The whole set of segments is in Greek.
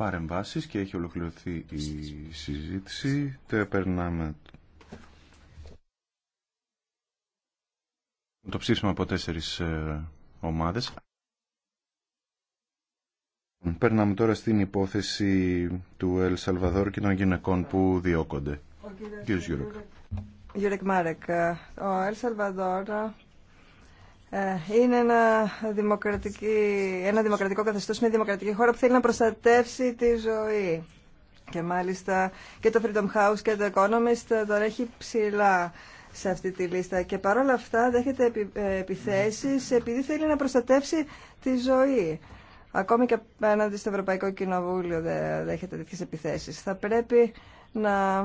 παρεμβάσεις και έχει ολοκληρωθεί η συζήτηση. Το περνάμε το ψήφισμα από τέσσερις ε, ομάδες. Περνάμε τώρα στην υπόθεση του Ελ Σαλβαδόρ και των γυναικών που διώκονται. Ο κύριος Γιούρεκ. Γιούρεκ Μάρεκ, ο Ελ Σαλβαδόρ ε, είναι ένα, ένα δημοκρατικό καθεστώς, μια δημοκρατική χώρα που θέλει να προστατεύσει τη ζωή. Και μάλιστα και το Freedom House και το Economist το έχει ψηλά σε αυτή τη λίστα. Και παρόλα αυτά δέχεται επι, ε, επιθέσεις επειδή θέλει να προστατεύσει τη ζωή. Ακόμη και απέναντι στο Ευρωπαϊκό Κοινοβούλιο δέχεται τέτοιες επιθέσεις. Θα πρέπει να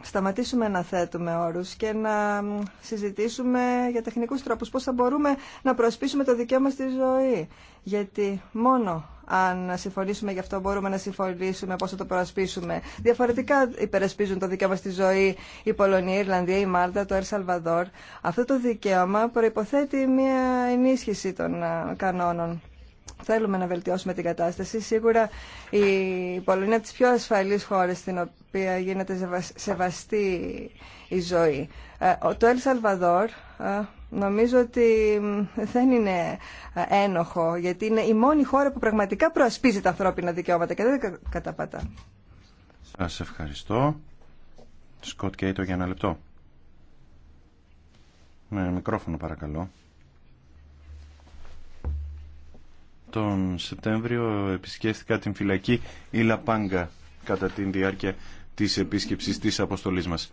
σταματήσουμε να θέτουμε όρους και να συζητήσουμε για τεχνικούς τρόπους πώς θα μπορούμε να προσπίσουμε το δικαίωμα στη ζωή. Γιατί μόνο αν συμφωνήσουμε γι' αυτό μπορούμε να συμφωνήσουμε πώς θα το προσπίσουμε. Διαφορετικά υπερασπίζουν το δικαίωμα στη ζωή η Πολωνία, η Ιρλανδία, η Μάλτα, το Ερ Σαλβαδόρ. Αυτό το δικαίωμα προϋποθέτει μια ενίσχυση των ε, κανόνων Θέλουμε να βελτιώσουμε την κατάσταση. Σίγουρα η Πολωνία είναι από πιο ασφαλείς χώρες στην οποία γίνεται σεβαστή η ζωή. Ε, το Ελ Σαλβαδόρ ε, νομίζω ότι δεν είναι ε, ένοχο, γιατί είναι η μόνη χώρα που πραγματικά προασπίζει τα ανθρώπινα δικαιώματα και δεν καταπατά. Σας ευχαριστώ. Σκοτ Κέιτο για ένα λεπτό. Με ναι, μικρόφωνο παρακαλώ. τον Σεπτέμβριο επισκέφθηκα την φυλακή Ιλαπάγκα κατά την διάρκεια της επίσκεψης της αποστολής μας.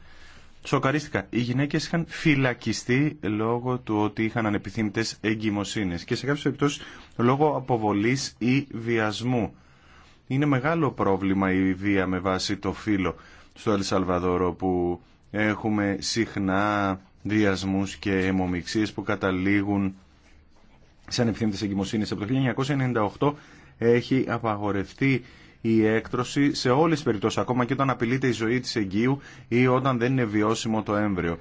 Σοκαρίστηκα. Οι γυναίκες είχαν φυλακιστεί λόγω του ότι είχαν ανεπιθύμητες εγκυμοσύνες και σε κάποιες περιπτώσεις λόγω αποβολής ή βιασμού. Είναι μεγάλο πρόβλημα η βία με βάση το φύλλο στο Ελσαλβαδόρο που έχουμε συχνά διασμούς και αιμομιξίες που καταλήγουν σαν της εγκυμοσύνης από το 1998 έχει απαγορευτεί η έκτρωση σε όλες τις περιπτώσεις, ακόμα και όταν απειλείται η ζωή της εγκύου ή όταν δεν είναι βιώσιμο το έμβριο.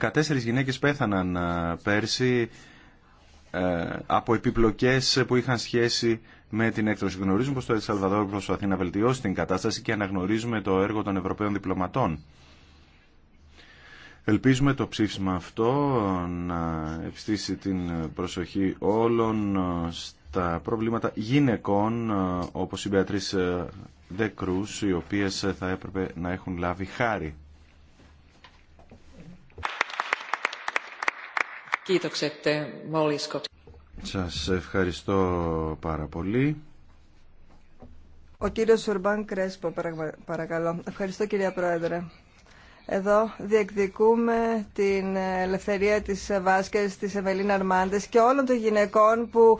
14 γυναίκες πέθαναν ε, πέρσι ε, από επιπλοκές που είχαν σχέση με την έκτρωση. Γνωρίζουμε πως το Ελσαλβαδόρ προσπαθεί να βελτιώσει την κατάσταση και αναγνωρίζουμε το έργο των Ευρωπαίων διπλωματών. Ελπίζουμε το ψήφισμα αυτό να ευστήσει την προσοχή όλων ε, στα προβλήματα γυναικών ε, όπως η Μπεατρίς ε, Δεκρούς οι οποίες θα έπρεπε να έχουν λάβει χάρη. Σας ευχαριστώ πάρα πολύ. Ο κύριος Σουρμπάν Κρέσπο, παρακαλώ. Ευχαριστώ κυρία Πρόεδρε. Εδώ διεκδικούμε την ελευθερία της Βάσκες, της Εμελίνα Αρμάντες και όλων των γυναικών που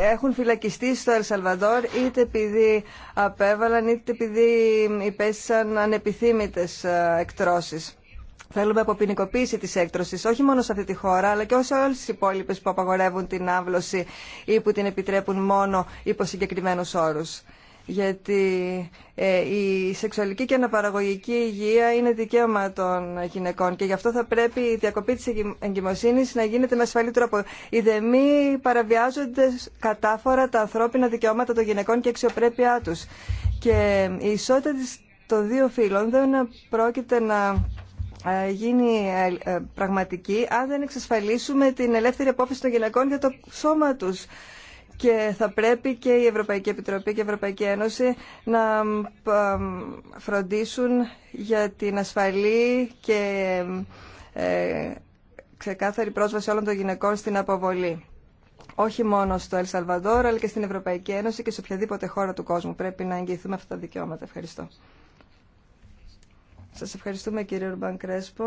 έχουν φυλακιστεί στο Ελσαλβαδόρ είτε επειδή απέβαλαν είτε επειδή υπέστησαν ανεπιθύμητες ε, εκτρώσεις. Θέλουμε αποποινικοποίηση τη έκτρωση όχι μόνο σε αυτή τη χώρα, αλλά και σε όλε τι υπόλοιπε που απαγορεύουν την άβλωση ή που την επιτρέπουν μόνο υπό συγκεκριμένου όρου γιατί ε, η σεξουαλική και αναπαραγωγική υγεία είναι δικαίωμα των γυναικών και γι' αυτό θα πρέπει η διακοπή της εγκυμοσύνης να γίνεται με ασφαλή τρόπο. Οι δεμοί παραβιάζονται κατάφορα τα ανθρώπινα δικαιώματα των γυναικών και αξιοπρέπειά τους. Και η ισότητα των δύο φύλων δεν πρόκειται να ε, γίνει ε, πραγματική αν δεν εξασφαλίσουμε την ελεύθερη απόφαση των γυναικών για το σώμα τους και θα πρέπει και η Ευρωπαϊκή Επιτροπή και η Ευρωπαϊκή Ένωση να φροντίσουν για την ασφαλή και ε, ξεκάθαρη πρόσβαση όλων των γυναικών στην αποβολή. Όχι μόνο στο Ελσαλβαδόρ, αλλά και στην Ευρωπαϊκή Ένωση και σε οποιαδήποτε χώρα του κόσμου. Πρέπει να εγγυηθούμε αυτά τα δικαιώματα. Ευχαριστώ. Σας ευχαριστούμε κύριε Ρουμπάν Κρέσπο.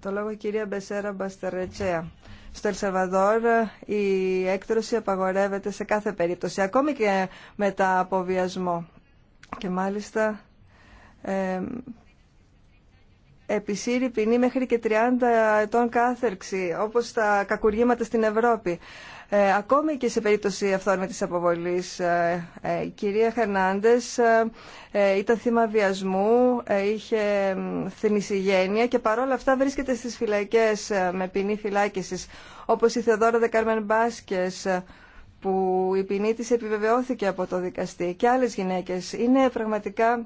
Το λόγο η κυρία Μπεσέρα Μπαστερετσέα. Στο Ελσαβαδόρ η έκτρωση απαγορεύεται σε κάθε περίπτωση, ακόμη και μετά από βιασμό. Και μάλιστα ε, επισύρει ποινή μέχρι και 30 ετών κάθερξη, όπως τα κακουργήματα στην Ευρώπη. Ε, ακόμη και σε περίπτωση αυθόρμητης αποβολής, ε, ε, η κυρία Χερνάντες ε, ήταν θύμα βιασμού, είχε θνησιγένεια και παρόλα αυτά βρίσκεται στις φυλακές με ποινή φυλάκισης, όπως η Θεοδόρα Δεκάρμεν Μπάσκες, που η ποινή της επιβεβαιώθηκε από το δικαστή και άλλες γυναίκες. Είναι πραγματικά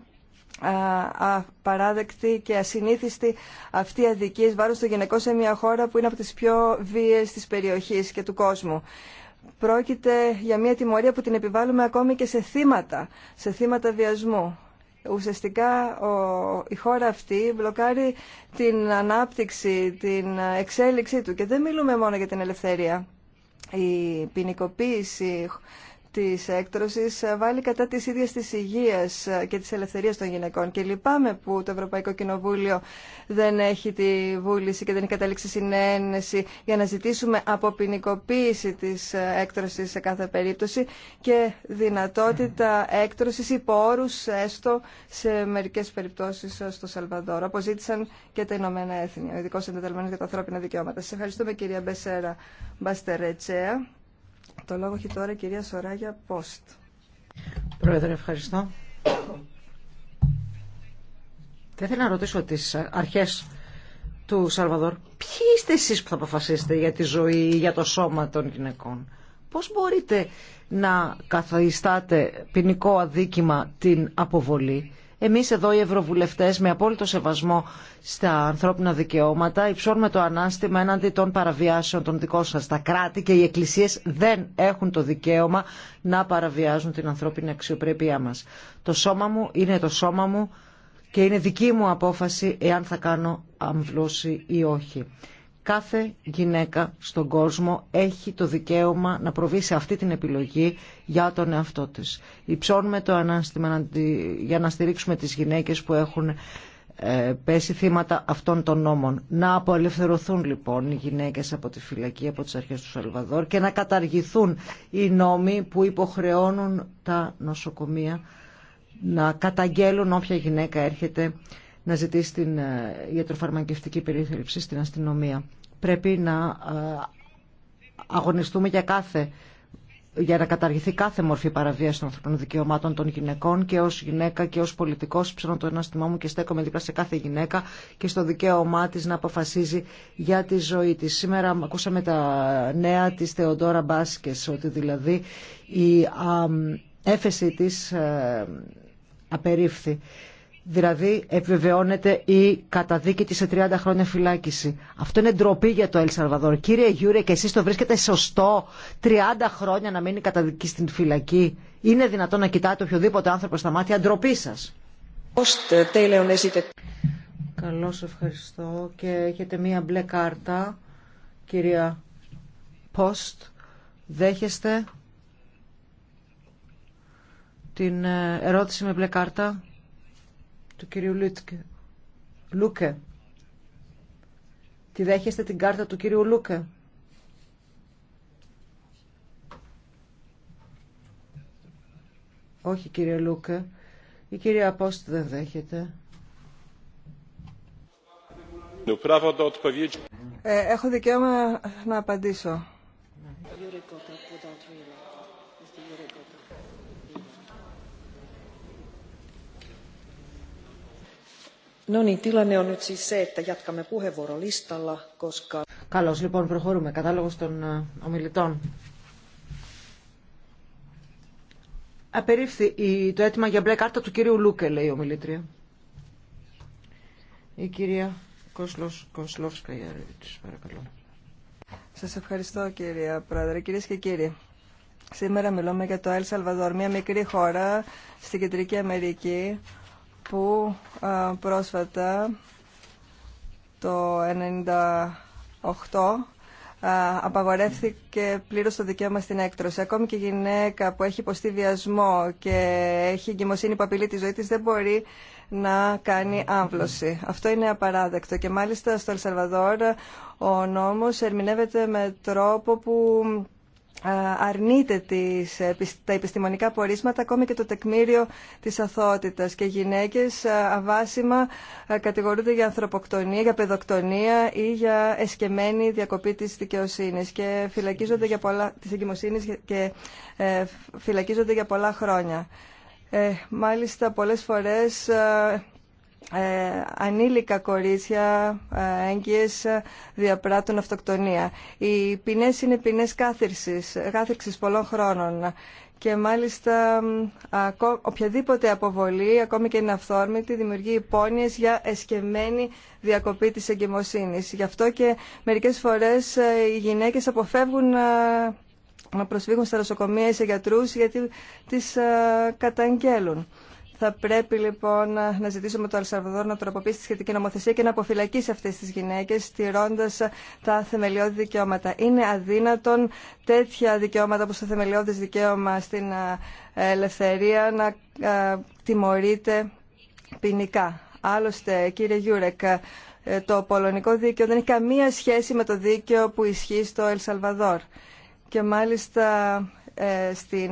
απαράδεκτη και ασυνήθιστη αυτή η εις βάρος των γυναικών σε μια χώρα που είναι από τις πιο βίες της περιοχής και του κόσμου. Πρόκειται για μια τιμωρία που την επιβάλλουμε ακόμη και σε θύματα, σε θύματα βιασμού. Ουσιαστικά η χώρα αυτή μπλοκάρει την ανάπτυξη, την εξέλιξή του και δεν μιλούμε μόνο για την ελευθερία. Η ποινικοποίηση Τη έκτρωσης ε, βάλει κατά της ίδιας της υγείας ε, και της ελευθερίας των γυναικών και λυπάμαι που το Ευρωπαϊκό Κοινοβούλιο δεν έχει τη βούληση και δεν έχει καταλήξει συνένεση για να ζητήσουμε αποποινικοποίηση της ε, έκτρωσης σε κάθε περίπτωση και δυνατότητα έκτρωσης υπό όρους έστω σε μερικές περιπτώσεις στο Σαλβαδόρο Αποζήτησαν και τα Ηνωμένα Έθνη ο ειδικός εντεταλμένος για τα ανθρώπινα δικαιώματα. Σας ευχαριστούμε κυρία Μπεσέρα Μπαστερετσέα. Το λόγο έχει τώρα η κυρία Σωράγια Πόστ. Πρόεδρε, ευχαριστώ. Θα ήθελα να ρωτήσω τις αρχές του Σαλβαδόρ, ποιοι είστε εσείς που θα αποφασίσετε για τη ζωή, για το σώμα των γυναικών. Πώς μπορείτε να καθαριστάτε ποινικό αδίκημα την αποβολή εμείς εδώ οι ευρωβουλευτές με απόλυτο σεβασμό στα ανθρώπινα δικαιώματα υψώνουμε το ανάστημα έναντι των παραβιάσεων των δικών σας. Τα κράτη και οι εκκλησίες δεν έχουν το δικαίωμα να παραβιάζουν την ανθρώπινη αξιοπρέπειά μας. Το σώμα μου είναι το σώμα μου και είναι δική μου απόφαση εάν θα κάνω αμβλώση ή όχι. Κάθε γυναίκα στον κόσμο έχει το δικαίωμα να προβεί σε αυτή την επιλογή για τον εαυτό της. Υψώνουμε το ανάστημα για να στηρίξουμε τις γυναίκες που έχουν ε, πέσει θύματα αυτών των νόμων. Να απολευθερωθούν λοιπόν οι γυναίκες από τη φυλακή, από τις αρχές του Σαλβαδόρ και να καταργηθούν οι νόμοι που υποχρεώνουν τα νοσοκομεία να καταγγέλουν όποια γυναίκα έρχεται να ζητήσει την ε, ιατροφαρμακευτική περίθαλψη στην αστυνομία πρέπει να ε, αγωνιστούμε για κάθε για να καταργηθεί κάθε μορφή παραβίαση των ανθρωπίνων δικαιωμάτων των γυναικών και ως γυναίκα και ως πολιτικός Ψήνω το ένα μου και στέκομαι δίπλα σε κάθε γυναίκα και στο δικαίωμά της να αποφασίζει για τη ζωή της. Σήμερα ακούσαμε τα νέα της Θεοντόρα Μπάσκες ότι δηλαδή η α, έφεση τη ε, απερίφθη. Δηλαδή επιβεβαιώνεται η καταδίκη της σε 30 χρόνια φυλάκιση. Αυτό είναι ντροπή για το Ελσαρβαδόρ. Κύριε Γιούρε, και εσείς το βρίσκετε σωστό 30 χρόνια να μείνει καταδίκη στην φυλακή. Είναι δυνατόν να κοιτάτε οποιοδήποτε άνθρωπο στα μάτια. Ντροπή σας. Καλώς ευχαριστώ. Και έχετε μία μπλε κάρτα, κυρία Πόστ. Δέχεστε την ε, ερώτηση με μπλε κάρτα του κυρίου Λούτκε. Λούκε. Τη δέχεστε την κάρτα του κυρίου Λούκε. Όχι κύριε Λούκε. Η κυρία Απόστη δεν δέχεται. Ε, έχω δικαίωμα να απαντήσω. No Καλώς, λοιπόν, προχωρούμε. Κατάλογος των ε, ομιλητών. Απερίφθη το αίτημα για μπλε κάρτα του κυρίου Λούκε, λέει η ομιλήτρια. Η κυρία Κοσλός, Κοσλόφσκα παρακαλώ. Σας ευχαριστώ κυρία Πρόεδρε. Κυρίες και κύριοι, σήμερα μιλούμε για το Ελ Σαλβαδόρ, μια μικρή χώρα στην Κεντρική Αμερική, που πρόσφατα το 1998 απαγορεύθηκε πλήρως το δικαίωμα στην έκτρωση. Ακόμη και η γυναίκα που έχει υποστεί βιασμό και έχει εγκυμοσύνη που απειλεί τη ζωή της δεν μπορεί να κάνει άμβλωση. Αυτό είναι απαράδεκτο και μάλιστα στο Ελσαλβαδόρ ο νόμος ερμηνεύεται με τρόπο που αρνείται τις, ε, τα επιστημονικά πορίσματα, ακόμη και το τεκμήριο της αθότητας. και γυναίκες αβάσιμα κατηγορούνται για ανθρωποκτονία, για παιδοκτονία ή για εσκεμμένη διακοπή της δικαιοσύνης και φυλακίζονται για πολλά, της εγκυμοσύνης και ε, φυλακίζονται για πολλά χρόνια. Ε, μάλιστα πολλές φορές ε, ανήλικα κορίτσια ε, έγκυες ε, διαπράττουν αυτοκτονία. Οι ποινές είναι ποινές κάθυρσης, κάθυρξης πολλών χρόνων και μάλιστα οποιαδήποτε αποβολή, ακόμη και είναι αυθόρμητη, δημιουργεί υπόνοιες για εσκεμμένη διακοπή της εγκυμοσύνης. Γι' αυτό και μερικές φορές ε, οι γυναίκες αποφεύγουν ε, να προσφύγουν στα νοσοκομεία ή σε γιατρούς γιατί τις καταγγέλουν. Θα πρέπει λοιπόν να ζητήσουμε το Ελσαλβαδόρ να τροποποιήσει τη σχετική νομοθεσία και να αποφυλακίσει αυτέ τι γυναίκε, στηρώντα τα θεμελιώδη δικαιώματα. Είναι αδύνατον τέτοια δικαιώματα όπω το θεμελιώδη δικαίωμα στην ε, ελευθερία να ε, τιμωρείται ποινικά. Άλλωστε, κύριε Γιούρεκ, ε, το πολωνικό δίκαιο δεν έχει καμία σχέση με το δίκαιο που ισχύει στο Ελσαλβαδόρ. Και μάλιστα στην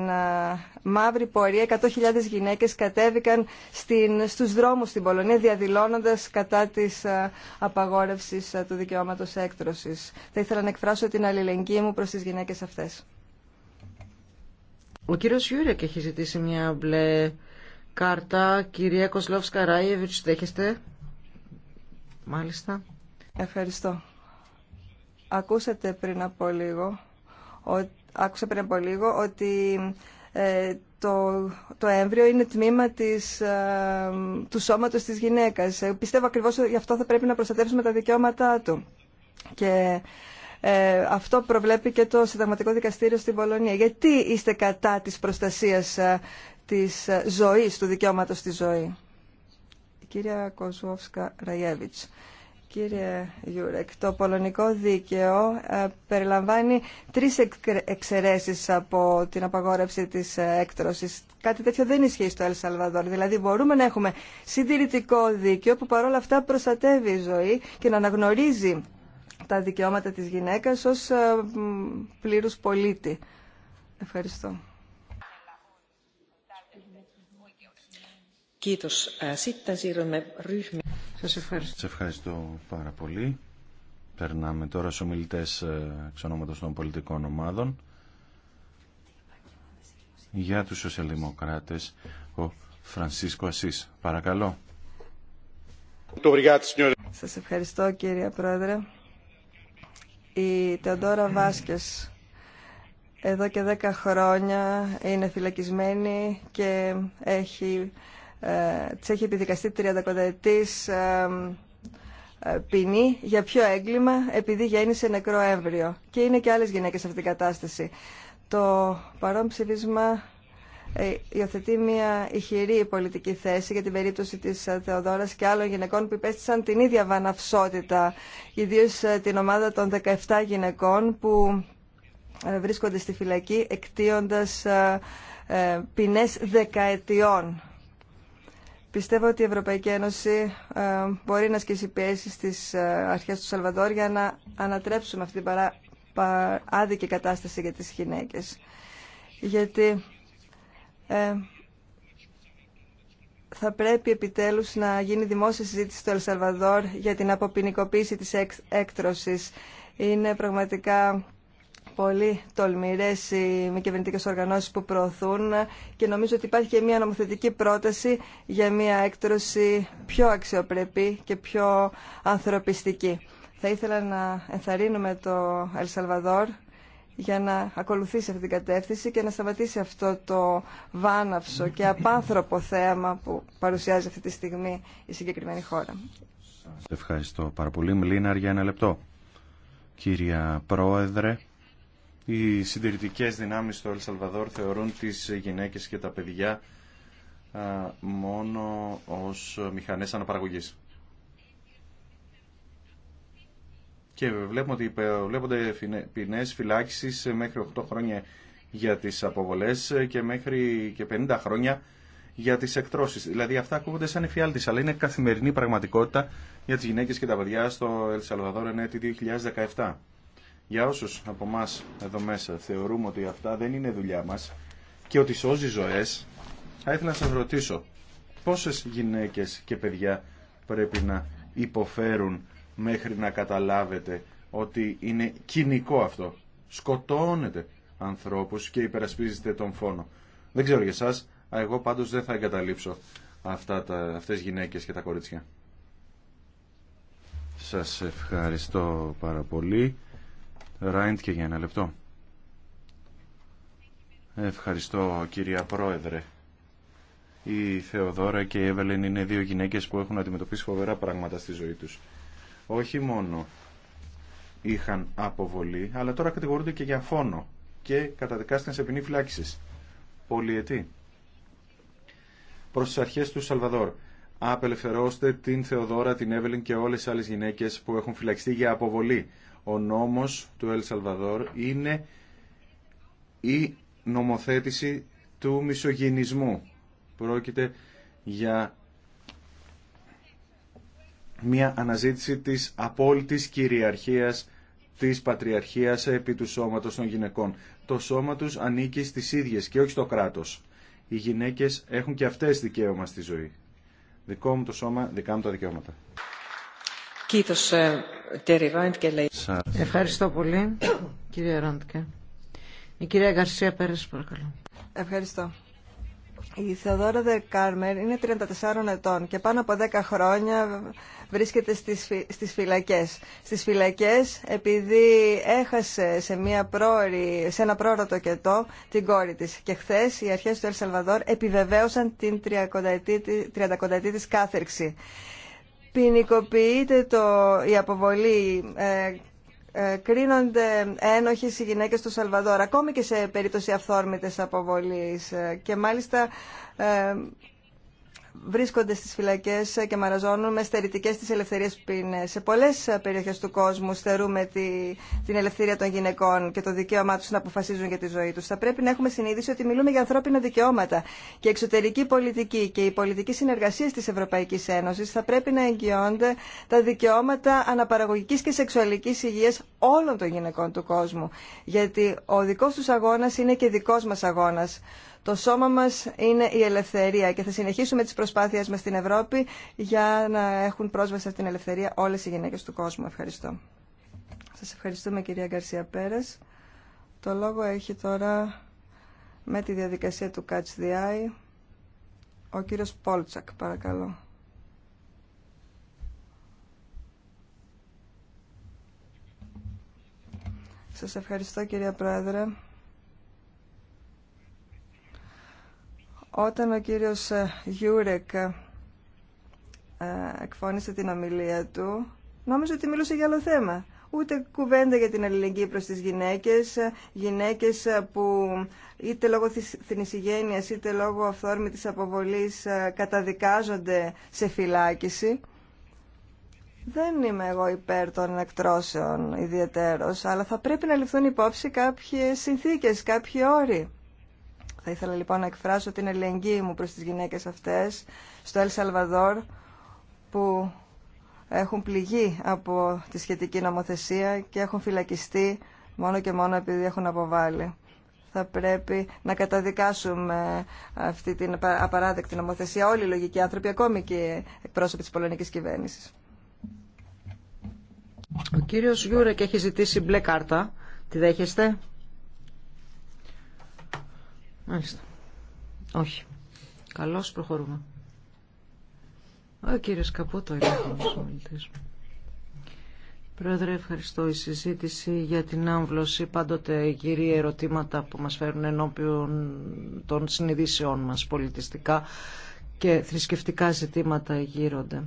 μαύρη πορεία 100.000 γυναίκες κατέβηκαν στην, στους δρόμους στην Πολωνία διαδηλώνοντας κατά της ε, απαγόρευσης ε, του δικαιώματος έκτρωσης. Θα ήθελα να εκφράσω την αλληλεγγύη μου προς τις γυναίκες αυτές. Ο κύριος Γιούρεκ έχει ζητήσει μια μπλε κάρτα. Κυρία Κοσλόφ Σκαράιεβιτς, δέχεστε. Μάλιστα. Ευχαριστώ. Ακούσατε πριν πριν από λίγο ότι ε, το, το έμβριο είναι τμήμα της, ε, του σώματος της γυναίκας. Ε, πιστεύω ακριβώς ότι γι' αυτό θα πρέπει να προστατεύσουμε τα δικαιώματά του. Και αυτό προβλέπει και το Συνταγματικό Δικαστήριο στην Πολωνία. Γιατί είστε κατά της προστασίας της ζωής, του δικαιώματος στη ζωή. Η κυρία Κοζουόφσκα Ραϊέβιτς. Κύριε Γιούρεκ, το πολωνικό δίκαιο ε, περιλαμβάνει τρεις εξαιρέσεις από την απαγόρευση της ε, έκτρωσης. Κάτι τέτοιο δεν ισχύει στο Ελσαλβαδόρ. Δηλαδή μπορούμε να έχουμε συντηρητικό δίκαιο που παρόλα αυτά προστατεύει η ζωή και να αναγνωρίζει τα δικαιώματα της γυναίκας ως ε, πλήρους πολίτη. Ευχαριστώ. Σας ευχαριστώ. πάρα πολύ. Περνάμε τώρα στους ομιλητές ε, εξ των πολιτικών ομάδων. Για τους σοσιαλδημοκράτες, ο Φρανσίσκο Ασής. Παρακαλώ. Σας ευχαριστώ κύριε Πρόεδρε. Η Τεοντόρα Βάσκες εδώ και δέκα χρόνια είναι φυλακισμένη και έχει ε, της έχει επιδικαστεί 30 ετής ε, ε, ποινή για ποιο έγκλημα επειδή γέννησε νεκρό έμβριο. Και είναι και άλλες γυναίκες σε αυτήν την κατάσταση. Το παρόν ψηφίσμα υιοθετεί μια ηχηρή πολιτική θέση για την περίπτωση της Θεοδόρας και άλλων γυναικών που υπέστησαν την ίδια βαναυσότητα, ιδίως την ομάδα των 17 γυναικών που βρίσκονται στη φυλακή εκτίοντας ποινές δεκαετιών Πιστεύω ότι η Ευρωπαϊκή Ένωση ε, μπορεί να ασκήσει πιέσει στις ε, αρχές του Σαλβαδόρ για να ανατρέψουμε αυτή την άδικη κατάσταση για τις γυναίκες. Γιατί ε, θα πρέπει επιτέλους να γίνει δημόσια συζήτηση στο Ελσαλβαδόρ για την αποποινικοποίηση της έκτρωσης. Είναι πραγματικά πολύ τολμηρές οι μη κυβερνητικέ οργανώσεις που προωθούν και νομίζω ότι υπάρχει και μια νομοθετική πρόταση για μια έκτρωση πιο αξιοπρεπή και πιο ανθρωπιστική. Θα ήθελα να ενθαρρύνουμε το Ελσαλβαδόρ για να ακολουθήσει αυτή την κατεύθυνση και να σταματήσει αυτό το βάναυσο και απάνθρωπο θέμα που παρουσιάζει αυτή τη στιγμή η συγκεκριμένη χώρα. ευχαριστώ πάρα πολύ. μιλήνα για ένα λεπτό. Κύρια Πρόεδρε, οι συντηρητικές δυνάμεις στο Ελσαλβαδόρ θεωρούν τις γυναίκες και τα παιδιά μόνο ως μηχανές αναπαραγωγής. Και βλέπουμε ότι βλέπονται ποινές φυλάξεις μέχρι 8 χρόνια για τις αποβολές και μέχρι και 50 χρόνια για τις εκτρώσεις. Δηλαδή αυτά ακούγονται σαν εφιάλτης, αλλά είναι καθημερινή πραγματικότητα για τις γυναίκες και τα παιδιά στο Ελσαλβαδόρ εν 2017. Για όσους από εμά εδώ μέσα θεωρούμε ότι αυτά δεν είναι δουλειά μας και ότι σώζει ζωές, θα ήθελα να σας ρωτήσω πόσες γυναίκες και παιδιά πρέπει να υποφέρουν μέχρι να καταλάβετε ότι είναι κοινικό αυτό. Σκοτώνετε ανθρώπους και υπερασπίζετε τον φόνο. Δεν ξέρω για εσάς, εγώ πάντως δεν θα εγκαταλείψω αυτά τα, αυτές γυναίκες και τα κορίτσια. Σας ευχαριστώ πάρα πολύ. Ράιντ και για ένα λεπτό. Ευχαριστώ κυρία Πρόεδρε. Η Θεοδόρα και η Εύελεν είναι δύο γυναίκες που έχουν αντιμετωπίσει φοβερά πράγματα στη ζωή τους. Όχι μόνο είχαν αποβολή, αλλά τώρα κατηγορούνται και για φόνο και καταδικάστηκαν σε ποινή φυλάκισης. Πολυετή. Προς τις αρχές του Σαλβαδόρ απελευθερώστε την Θεοδόρα, την Εύελιν και όλες τις άλλες γυναίκες που έχουν φυλακιστεί για αποβολή. Ο νόμος του Ελ Σαλβαδόρ είναι η νομοθέτηση του μισογενισμού. Πρόκειται για μια αναζήτηση της απόλυτης κυριαρχίας της πατριαρχίας επί του σώματος των γυναικών. Το σώμα τους ανήκει στις ίδιες και όχι στο κράτος. Οι γυναίκες έχουν και αυτές δικαίωμα στη ζωή. Δικό μου το σώμα, δικά μου τα δικαιώματα. Ε, Ευχαριστώ πολύ, Κύριε Ράντκε. Η κυρία Γκαρσία Πέρες, παρακαλώ. Ευχαριστώ. Η Θεοδόρα Δε Κάρμερ είναι 34 ετών και πάνω από 10 χρόνια βρίσκεται στις, φυ στις φυλακές. Στις φυλακές επειδή έχασε σε, μια πρόορη, σε ένα πρόωρο την κόρη της και χθε οι αρχές του Ελσαλβαδόρ επιβεβαίωσαν την 30 της κάθερξη. Ποινικοποιείται το, η αποβολή ε, ε, κρίνονται ένοχε οι γυναίκες του Σαλβαδόρα ακόμη και σε περίπτωση αυθόρμητες αποβολής. Ε, και μάλιστα ε, βρίσκονται στις φυλακές και μαραζώνουν με στερητικές τις ελευθερίες ποινές. Σε πολλές περιοχές του κόσμου στερούμε τη, την ελευθερία των γυναικών και το δικαίωμά τους να αποφασίζουν για τη ζωή τους. Θα πρέπει να έχουμε συνείδηση ότι μιλούμε για ανθρώπινα δικαιώματα και εξωτερική πολιτική και η πολιτική συνεργασία της Ευρωπαϊκής Ένωσης θα πρέπει να εγγυώνται τα δικαιώματα αναπαραγωγικής και σεξουαλικής υγείας όλων των γυναικών του κόσμου. Γιατί ο δικός τους αγώνας είναι και δικός μας αγώνας. Το σώμα μας είναι η ελευθερία και θα συνεχίσουμε τις προσπάθειες μας στην Ευρώπη για να έχουν πρόσβαση στην ελευθερία όλες οι γυναίκες του κόσμου. Ευχαριστώ. Σας ευχαριστούμε κυρία Γκαρσία Πέρες. Το λόγο έχει τώρα με τη διαδικασία του Catch the Eye ο κύριος Πόλτσακ, παρακαλώ. Σας ευχαριστώ κυρία Πρόεδρε. Όταν ο κύριος ε, Γιούρεκ ε, ε, εκφώνησε την ομιλία του, νόμιζε ότι μιλούσε για άλλο θέμα. Ούτε κουβέντα για την αλληλεγγύη προς τις γυναίκες, γυναίκες που είτε λόγω θνησιγένειας είτε λόγω αυθόρμητης αποβολής καταδικάζονται σε φυλάκιση. Δεν είμαι εγώ υπέρ των εκτρώσεων ιδιαίτερος, αλλά θα πρέπει να ληφθούν υπόψη κάποιες συνθήκες, κάποιοι όροι. Θα ήθελα λοιπόν να εκφράσω την ελεγγύη μου προς τις γυναίκες αυτές στο Ελ Σαλβαδόρ που έχουν πληγεί από τη σχετική νομοθεσία και έχουν φυλακιστεί μόνο και μόνο επειδή έχουν αποβάλει. Θα πρέπει να καταδικάσουμε αυτή την απαράδεκτη νομοθεσία όλοι οι λογικοί άνθρωποι, ακόμη και οι εκπρόσωποι της πολωνικής κυβέρνησης. Ο κύριος Γιούρεκ έχει ζητήσει μπλε κάρτα. Τη δέχεστε? Μάλιστα. Όχι. Καλώ προχωρούμε. Ο κύριο Καπούτο είναι ο Πρόεδρε, ευχαριστώ. Η συζήτηση για την άμβλωση πάντοτε γυρεί ερωτήματα που μας φέρουν ενώπιον των συνειδήσεών μας πολιτιστικά και θρησκευτικά ζητήματα γύρονται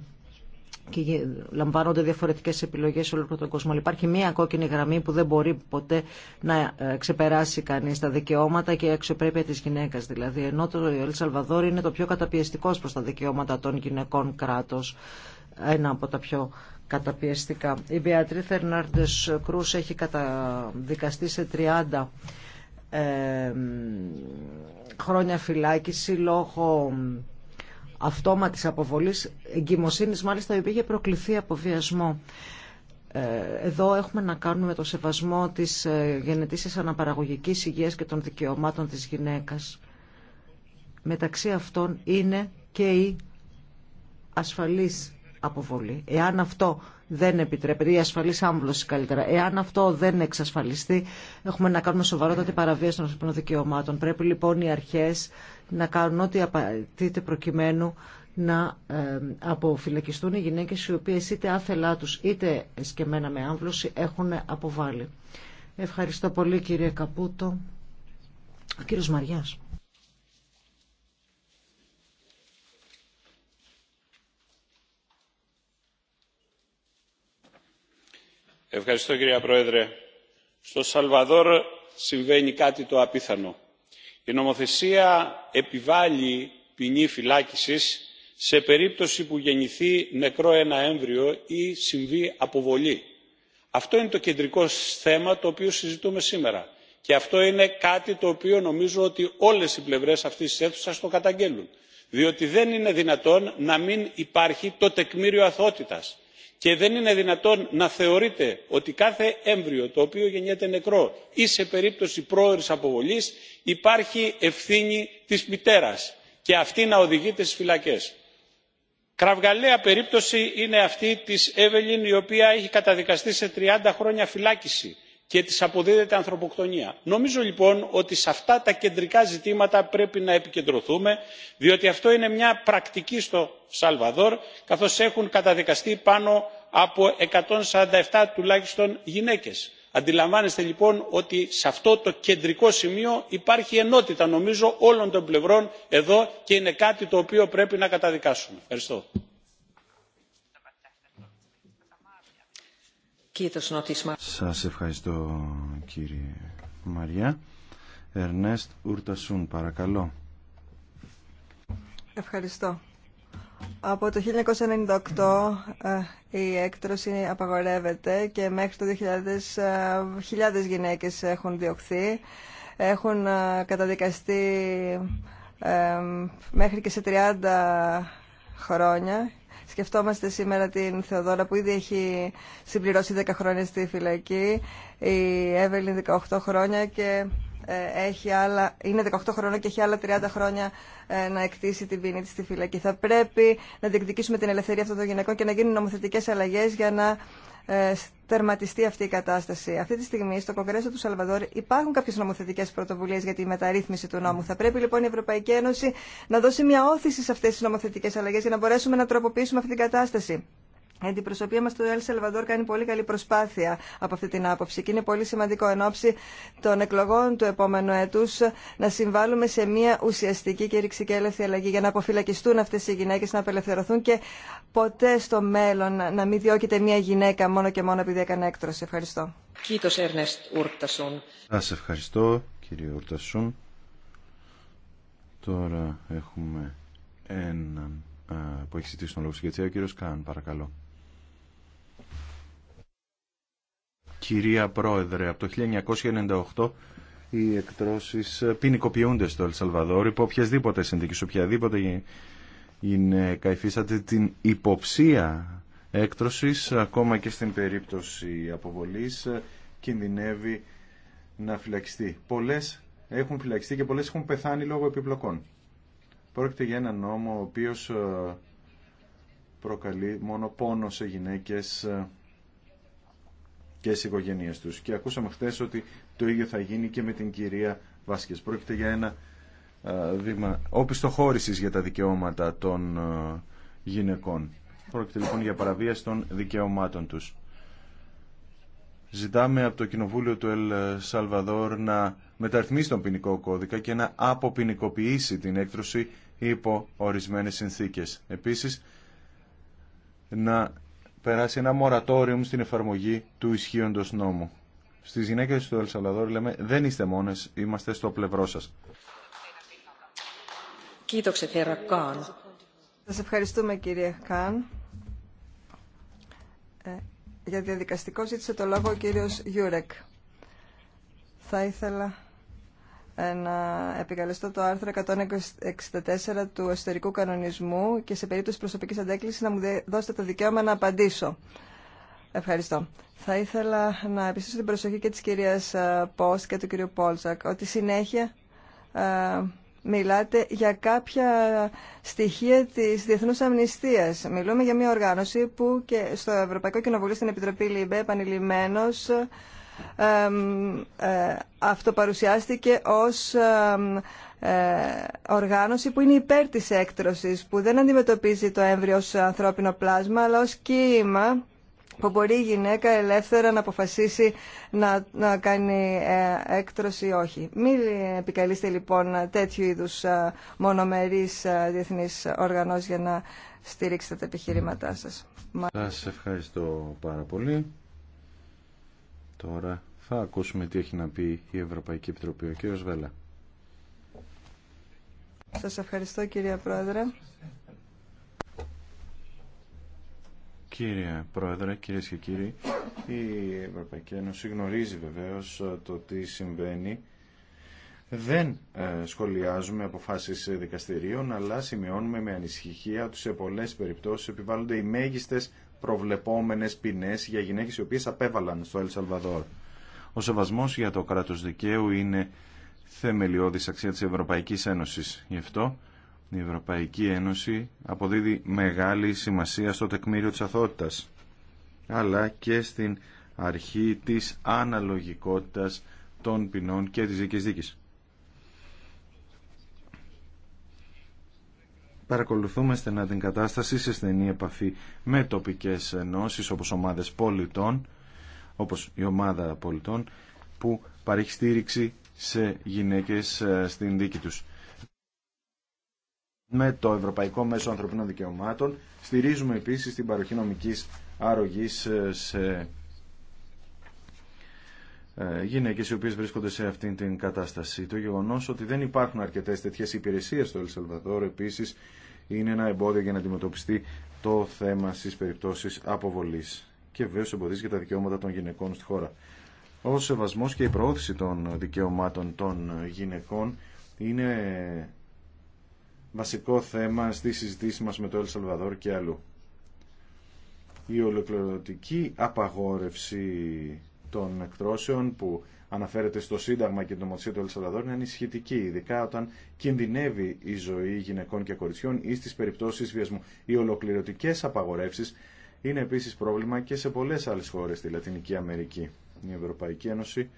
και λαμβάνονται διαφορετικέ επιλογέ σε όλο τον κόσμο. υπάρχει μία κόκκινη γραμμή που δεν μπορεί ποτέ να ε, ξεπεράσει κανεί τα δικαιώματα και η αξιοπρέπεια τη γυναίκα. Δηλαδή, ενώ το Ελ Σαλβαδόρ είναι το πιο καταπιεστικό προ τα δικαιώματα των γυναικών κράτο. Ένα από τα πιο καταπιεστικά. Η Μπεατρή Θερνάρντε Κρού έχει καταδικαστεί σε 30 ε, χρόνια φυλάκιση λόγω αυτόματης αποβολής εγκυμοσύνης, μάλιστα η οποία είχε προκληθεί από βιασμό. Ε, εδώ έχουμε να κάνουμε το σεβασμό της ε, γενετήσης αναπαραγωγικής υγείας και των δικαιωμάτων της γυναίκας. Μεταξύ αυτών είναι και η ασφαλής αποβολή. Εάν αυτό δεν επιτρέπεται, η ασφαλής άμβλωση καλύτερα. Εάν αυτό δεν εξασφαλιστεί, έχουμε να κάνουμε σοβαρότατη παραβίαση των δικαιωμάτων. Πρέπει λοιπόν οι αρχές να κάνουν ό,τι απαιτείται προκειμένου να αποφυλακιστούν οι γυναίκες οι οποίες είτε άθελά τους είτε σκεμμένα με άμβλωση έχουν αποβάλει. Ευχαριστώ πολύ κύριε Καπούτο. Ο κύριος Μαριάς. Ευχαριστώ κύριε Πρόεδρε. Στο Σαλβαδόρ συμβαίνει κάτι το απίθανο η νομοθεσία επιβάλλει ποινή φυλάκισης σε περίπτωση που γεννηθεί νεκρό ένα έμβριο ή συμβεί αποβολή. αυτό είναι το κεντρικό θέμα το οποίο συζητούμε σήμερα και αυτό είναι κάτι το οποίο νομίζω ότι όλες οι πλευρές αυτής της αίθουσας το καταγγέλνουν διότι δεν είναι δυνατόν να μην υπάρχει το τεκμήριο αθωότητας και δεν είναι δυνατόν να θεωρείτε ότι κάθε έμβριο το οποίο γεννιέται νεκρό ή σε περίπτωση πρόωρης αποβολής υπάρχει ευθύνη της μητέρας και αυτή να οδηγείται στις φυλακές. Κραυγαλαία περίπτωση είναι αυτή της Εύελιν η οποία έχει καταδικαστεί σε 30 χρόνια φυλάκιση και της αποδίδεται ανθρωποκτονία. νομίζω λοιπόν ότι σε αυτά τα κεντρικά ζητήματα πρέπει να επικεντρωθούμε διότι αυτό είναι μια πρακτική στο σαλβαδόρ καθώς έχουν καταδικαστεί πάνω από 147 τουλάχιστον γυναίκες. αντιλαμβάνεστε λοιπόν ότι σε αυτό το κεντρικό σημείο υπάρχει ενότητα νομίζω όλων των πλευρών εδώ και είναι κάτι το οποίο πρέπει να καταδικάσουμε. ευχαριστώ. Σας ευχαριστώ κύριε Μαριά. Ερνέστ Ουρτασούν, παρακαλώ. Ευχαριστώ. Από το 1998 ε, η έκτρωση απαγορεύεται και μέχρι το 2000 ε, χιλιάδες γυναίκες έχουν διωχθεί, έχουν ε, καταδικαστεί μέχρι και σε 30 χρόνια Σκεφτόμαστε σήμερα την Θεοδόρα που ήδη έχει συμπληρώσει 10 χρόνια στη φυλακή, η Εύελιν 18 ε, χρόνια και έχει άλλα, είναι 18 χρόνια και έχει άλλα 30 χρόνια να εκτίσει την ποινή της στη φυλακή. Θα πρέπει να διεκδικήσουμε την ελευθερία αυτών των γυναικών και να γίνουν νομοθετικές αλλαγές για να ε, τερματιστεί αυτή η κατάσταση. Αυτή τη στιγμή στο Κογκρέσο του Σαλβαδόρ υπάρχουν κάποιε νομοθετικέ πρωτοβουλίε για τη μεταρρύθμιση του νόμου. Θα πρέπει λοιπόν η Ευρωπαϊκή Ένωση να δώσει μια όθηση σε αυτέ τι νομοθετικέ αλλαγέ για να μπορέσουμε να τροποποιήσουμε αυτή την κατάσταση. Η αντιπροσωπεία μα του Ελ Σελβαδόρ κάνει πολύ καλή προσπάθεια από αυτή την άποψη και είναι πολύ σημαντικό εν ώψη των εκλογών του επόμενου έτου να συμβάλλουμε σε μια ουσιαστική και ρηξικέλευθη αλλαγή για να αποφυλακιστούν αυτέ οι γυναίκε, να απελευθερωθούν και ποτέ στο μέλλον να μην διώκεται μια γυναίκα μόνο και μόνο επειδή έκανε έκτρωση. Ευχαριστώ. Σα ευχαριστώ κύριε Ουρτασούν. Τώρα έχουμε έναν που έχει ζητήσει τον λόγο συγκεκριμένο. ο κύριο Καν, παρακαλώ. Κυρία Πρόεδρε, από το 1998 οι εκτρώσεις ποινικοποιούνται στο Ελσαλβαδόρ υπό οποιασδήποτε συνδίκη, οποιαδήποτε είναι καηφίσατε την υποψία έκτρωσης, ακόμα και στην περίπτωση αποβολής κινδυνεύει να φυλακιστεί. Πολλές έχουν φυλακιστεί και πολλές έχουν πεθάνει λόγω επιπλοκών. Πρόκειται για ένα νόμο ο οποίος ε, προκαλεί μόνο πόνο σε γυναίκες ε, και στις οικογένειές τους. Και ακούσαμε χθες ότι το ίδιο θα γίνει και με την κυρία Βάσκες. Πρόκειται για ένα ε, δείγμα οπισθοχώρησης για τα δικαιώματα των ε, γυναικών. Πρόκειται λοιπόν για παραβίαση των δικαιωμάτων τους. Ζητάμε από το Κοινοβούλιο του Ελ Σαλβαδόρ να μεταρρυθμίσει τον ποινικό κώδικα και να αποποινικοποιήσει την έκτρωση υπό ορισμένες συνθήκες. Επίσης, να περάσει ένα μορατόριο στην εφαρμογή του ισχύοντος νόμου. Στις γυναίκε του Ελσαλαδόρ λέμε δεν είστε μόνες, είμαστε στο πλευρό σας. Σας ευχαριστούμε κύριε Καν. Ε, για διαδικαστικό ζήτησε το λόγο ο κύριος Γιούρεκ. Θα ήθελα να επικαλεστώ το άρθρο 164 του εσωτερικού κανονισμού και σε περίπτωση προσωπικής αντέκλησης να μου δώσετε το δικαίωμα να απαντήσω. Ευχαριστώ. Θα ήθελα να επιστήσω την προσοχή και της κυρίας Πόστ ε, και του κυρίου Πόλτσακ ότι συνέχεια ε, μιλάτε για κάποια στοιχεία της Διεθνούς Αμνηστίας. Μιλούμε για μια οργάνωση που και στο Ευρωπαϊκό Κοινοβουλίο στην Επιτροπή ΛΥΜΠΕ επανειλημμένως ε, Αυτό παρουσιάστηκε ως ε, οργάνωση που είναι υπέρ της έκτρωσης, που δεν αντιμετωπίζει το έμβριο ως ανθρώπινο πλάσμα, αλλά ως κύμα που μπορεί η γυναίκα ελεύθερα να αποφασίσει να, να κάνει ε, έκτρωση ή όχι. Μην επικαλείστε λοιπόν τέτοιου είδους μονομερείς διεθνείς οργανώσεις για να στηρίξετε τα επιχειρήματά σας. Σας ευχαριστώ πάρα πολύ. Τώρα θα ακούσουμε τι έχει να πει η Ευρωπαϊκή Επιτροπή. Ο κύριος Βέλα. Σας ευχαριστώ κυρία Πρόεδρε. Κύριε Πρόεδρε, κυρίες και κύριοι, η Ευρωπαϊκή Ένωση γνωρίζει βεβαίως ε, το τι συμβαίνει. Δεν ε, σχολιάζουμε αποφάσεις δικαστηρίων, αλλά σημειώνουμε με ανησυχία ότι σε πολλές περιπτώσεις επιβάλλονται οι μέγιστες προβλεπόμενες ποινέ για γυναίκες οι οποίες απέβαλαν στο Ελ Σαλβαδόρ. Ο σεβασμός για το κράτο δικαίου είναι θεμελιώδη αξία της Ευρωπαϊκής Ένωσης. Γι' αυτό η Ευρωπαϊκή Ένωση αποδίδει μεγάλη σημασία στο τεκμήριο της Αθότητα, αλλά και στην αρχή της αναλογικότητας των ποινών και της δικής δίκης. Παρακολουθούμε στενά την κατάσταση σε στενή επαφή με τοπικές ενώσεις όπως ομάδες πολιτών, όπως η ομάδα πολιτών που παρέχει στήριξη σε γυναίκες ε, στην δίκη τους. Με το Ευρωπαϊκό Μέσο Ανθρωπίνων Δικαιωμάτων στηρίζουμε επίσης την παροχή νομικής αρρωγής ε, σε ε, Γυναίκε οι οποίε βρίσκονται σε αυτήν την κατάσταση. Το γεγονό ότι δεν υπάρχουν αρκετέ τέτοιε υπηρεσίε στο Ελσαλβαδόρ επίση είναι ένα εμπόδιο για να αντιμετωπιστεί το θέμα στις περιπτώσει αποβολή. και βέβαια εμποδίζει και τα δικαιώματα των γυναικών στη χώρα. Ο σεβασμό και η προώθηση των δικαιωμάτων των γυναικών είναι βασικό θέμα στη συζήτηση μας με το Ελσαλβαδόρ και αλλού. Η ολοκληρωτική απαγόρευση των εκτρώσεων που αναφέρεται στο Σύνταγμα και την νομοθεσία του Ελσαλαδόρ είναι ανησυχητική, ειδικά όταν κινδυνεύει η ζωή γυναικών και κοριτσιών ή στις περιπτώσεις βιασμού. Οι ολοκληρωτικές απαγορεύσεις είναι επίσης πρόβλημα και σε πολλές άλλες χώρες στη Λατινική Αμερική. Η Ευρωπαϊκή Ένωση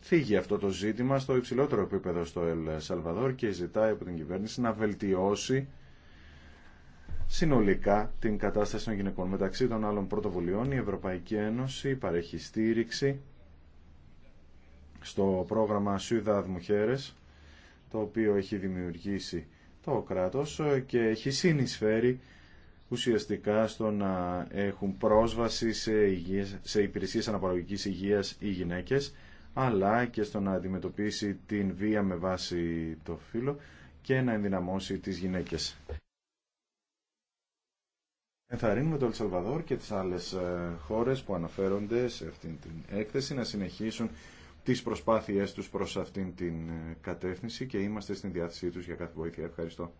φύγει ε, αυτό το ζήτημα στο υψηλότερο επίπεδο στο Ελσαλβαδόρ και ζητάει από την κυβέρνηση να βελτιώσει συνολικά την κατάσταση των γυναικών. Μεταξύ των άλλων πρωτοβουλειών, η Ευρωπαϊκή Ένωση παρέχει στήριξη στο πρόγραμμα Σουηδάδ Μουχέρες, το οποίο έχει δημιουργήσει το κράτος και έχει συνεισφέρει ουσιαστικά στο να έχουν πρόσβαση σε, υγείας, σε υπηρεσίες αναπαραγωγικής υγείας οι γυναίκες, αλλά και στο να αντιμετωπίσει την βία με βάση το φύλλο και να ενδυναμώσει τις γυναίκες. Ενθαρρύνουμε το Ελσαλβαδόρ και τις άλλες ε, χώρες που αναφέρονται σε αυτήν την έκθεση να συνεχίσουν τις προσπάθειές τους προς αυτήν την ε, κατεύθυνση και είμαστε στην διάθεσή τους για κάθε βοήθεια. Ευχαριστώ.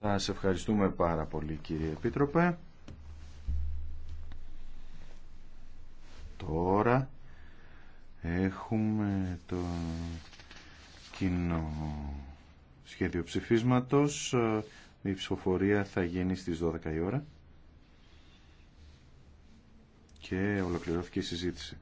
Σας ευχαριστούμε πάρα πολύ κύριε Επίτροπε. Τώρα έχουμε το κοινό σχέδιο ψηφίσματος. Ε, η ψηφοφορία θα γίνει στις 12 η ώρα και ολοκληρώθηκε η συζήτηση.